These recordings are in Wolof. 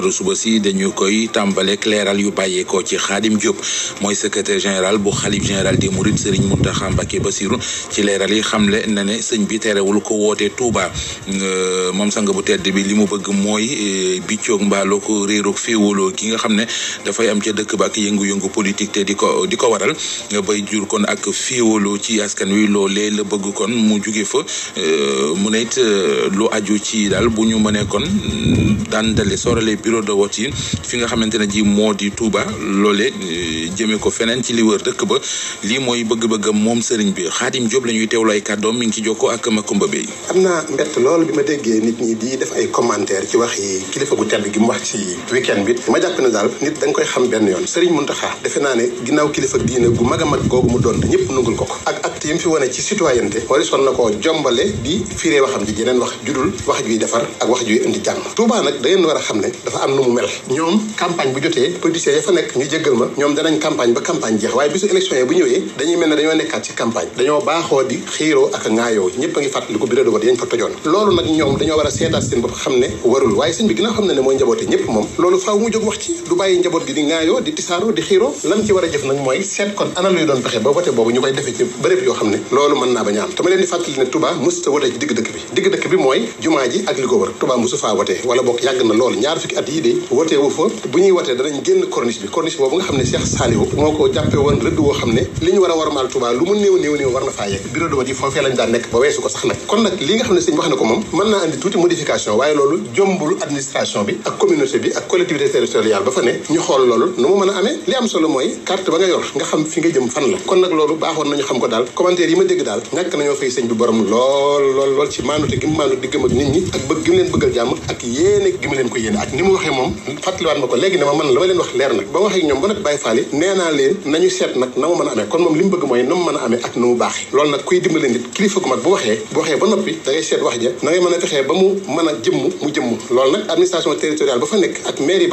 xibaaru suba si dañu koy yu bàyyeekoo ci Xaadim Diop mooy secrétaire général bu xalif général des Mourides Serigne Mountakha Mbacké Bassirou ci leeral yi xamle na ne sëñ bi terewul ko woote Touba euh, moom sang bu tedd bi li mu bëgg mooy euh, biccoog mbaaloo ko réeroog féewaloo gi nga xam ne dafay am ca dëkk ba ak yëngu-yëngu politique te di ko di ko waral nga bay jur kon ak féewaloo ci askan wi loolee la bëgg kon mu jóge fa euh, mu ne it lu aju ci daal bu ñu mënee kon daan dale sorale bi bureau de vote fi nga xamante ne ji moo di Touba loole euh, jëmee ko feneen ci li dëkk ba lii mooy bëgg-bëggam moom sëriñ bi Xaadim Diop la ñuy teewlu ay kàddoom mi ngi ci jokkoo ak Makumba Bey. am naa mbett lool bi ma déggee nit ñi di def ay commentaire ci wax yi kilifa gu tedd gi mu wax ci week bi ma jàpp ne daal nit da koy xam benn yoon sëriñ Muntaxa defe naa ne ginnaaw kilifa diine gu mag a mag googu mu doon ñëpp nungul ko ko ak acte yi mu fi wane ci citoyenneté wari son na ko jombale di firee waxam ji jeneen wax judul wax juy defar ak wax juy indi jàmm tuubaa nag da ngeen war a xam ne dafa am na mu mel ñoom campagne bu jotee politiciens ya fa nekk ñu jéggal ma ñoom danañ campagne ba campagne jeex waaye bisu élection bu ñëwee dañuy mel ne dañoo nekkaat ci campagne dañoo baaxoo di xiiroo ak ŋaayoo ñëpp a ngi fàttaliku bureau a seetaat seen bopp xam ne warul waaye sëñ bi ginnaaw xam ne ne mooy njaboote loolu faaw mu jóg wax ci du bàyyi njaboot gi di ŋaayoo di tisaaroo di xiiroo lan ci war a jëf nag mooy seet kon ana luy doon pexe ba vote boobu ñu koy defee ci bërëb yoo a am te ma leen faa wote wala boog yàgg na lool ñaar fukki at yii de wotee wu fa bu ñuy wotee danañ génn corniche bi corniche boobu nga xam ne Cheikh Saliou moo ko jàppe woon rëdd woo xam ne li ñu war a warmaal Touba lu mu néew néew néew waaye loolu jombul administration bi ak communauté bi ak commentaire yi ma dégg daal ñàkk nañoo fay sëñ bi borom lool lool ci maanute gi maanute di gëm nit ñi ak bëgg leen bëggal jàmm ak yéene gi leen ko yéene ak mu waxee moom fàttaliwaat ma ko léegi ne ma man la ma leen wax leer nag ba waxee ñoom ba nag bàyyi faali nee nañu seet nag na ma mën a amee kon moom li mu bëgg mooy na ma mën a amee ak na loolu nag kuy dimbale nit seet wax a fexee ba mu mën a jëmm mu jëmm loolu nag administration territoriale ba fa jëmmale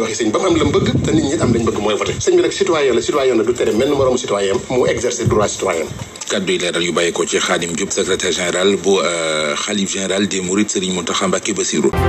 waxi sëñ ba mu am la mu bëgg te nit ñi am lañ bëgg mooy voté sëñ bi nag citoyen la citoyen la du tere mel moroom citoyen mu exercer droit citoyen kàddu yi leeral yu bàyyi ko ci Khadim Diop secrétaire général bu xalif euh, général des